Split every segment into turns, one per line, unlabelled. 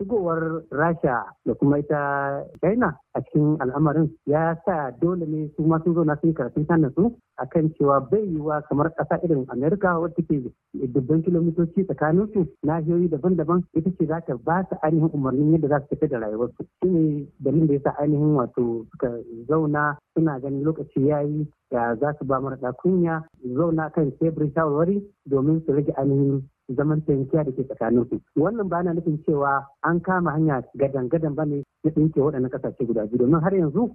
shigowar rasha da kuma ita china a cikin al'amarin ya sa dole ne su ma sun zauna sun karatun sanin su a kan cewa bai yiwuwa kamar ƙasa irin amerika wadda ke dubban kilomitoci tsakanin su nahiyoyi daban-daban ita ce za ta ba su ainihin umarnin yadda za su tafi da rayuwarsu shine dalilin da ya sa ainihin wato suka zauna suna ganin lokaci ya yi da za su ba mara kunya zauna kan teburin shawarwari domin su rage ainihin zaman tankiya da ke tsakanin su wannan ba na nufin cewa an kama hanya gadan gadan ba ne ya ɗinke waɗannan ƙasashe guda biyu domin har yanzu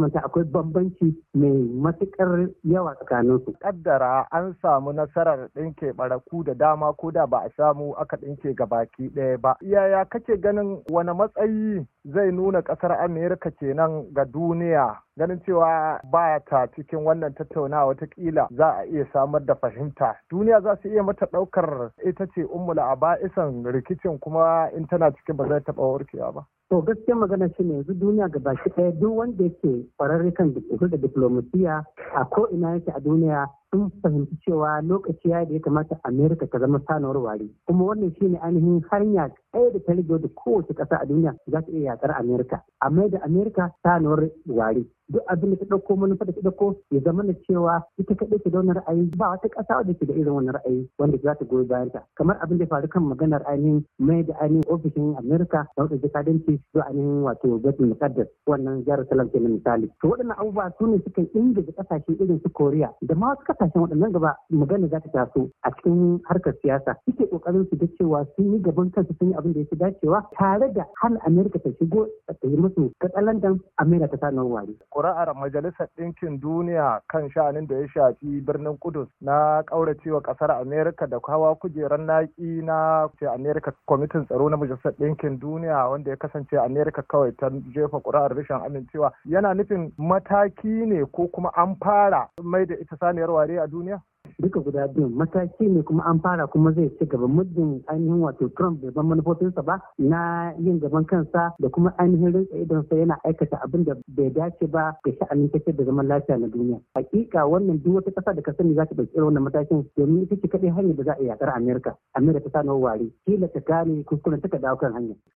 manta akwai bambanci mai matuƙar yawa tsakanin su.
Kaddara an samu nasarar ɗinke baraku da dama ko da ba a samu aka ɗinke gabaki ɗaya ba. Yaya kake ganin wani matsayi zai nuna ƙasar Amerika kenan ga duniya ganin cewa ba ta cikin wannan tattaunawa ƙila za a iya samar da fahimta duniya za su iya mata ɗaukar ita ce ummula a ba'isan rikicin kuma in tana cikin ba
zai taɓa warkewa ba. To gaskiya magana shi ne yanzu duniya ga baki ɗaya duk wanda yake kwararre kan da da a ko ina yake a duniya sun fahimci cewa lokaci ya da ya kamata amerika ta zama sanuwar ware kuma wannan shine ainihin hanya ɗaya da ta rage da kowace ƙasa a duniya za ta iya yakar amerika amma da amerika sanuwar ware duk abin da ta ɗauko manufa da ta ɗauko ya zama na cewa ita ka ke da wani ra'ayi ba wata ƙasa wadda ke da irin wani ra'ayi wanda za ta goyi bayan ta kamar abin da faru kan maganar ainihin mai da ainihin ofishin amerika da wata jakadanci zuwa ainihin wato gwajin mukaddas wannan jihar salam ke misali to waɗannan abubuwa su ne suka ingiza ƙasashe irin su koriya da ma wasu kasashen waɗannan gaba magana za ta taso a cikin harkar siyasa suke kokarin su da cewa sun yi gaban kansu sun yi abin da yake dacewa tare da har Amerika ta shigo ta yi musu katsalandan Amerika ta sanar wari.
Ƙuri'ar Majalisar Ɗinkin Duniya kan sha'anin da ya shafi birnin Kudus na ƙauracewa ƙasar Amerika da kawa kujerar naƙi na Amerika kwamitin tsaro na Majalisar Ɗinkin Duniya wanda ya kasance Amerika kawai ta jefa ƙuri'ar rashin amincewa yana nufin mataki ne ko kuma an fara mai da ita saniyar wurare a duniya?
duka guda biyu mataki ne kuma an fara kuma zai ci gaba muddin ainihin wato Trump bai ban manufofinsa ba na yin gaban kansa da kuma ainihin rinsa idonsa yana aikata abin da bai dace ba ga sha'anin kace da zaman lafiya na duniya. Hakika wannan duk wata kasa da ka sani za ta ɗauki wannan matakin domin ita ce kaɗai hanyar da za a yi yakar Amerika. Amerika ta sa na wari kila ta gane kuskuren ta dawo kan hanya.